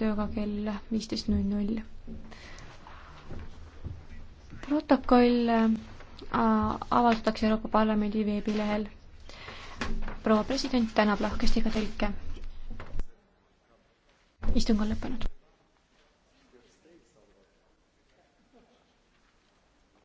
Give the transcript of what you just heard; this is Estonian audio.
tööga kell viisteist null null. protokoll äh, avaldatakse Euroopa Parlamendi veebilehel. proua president tänab lahkesti ka tõlke. istung on lõppenud.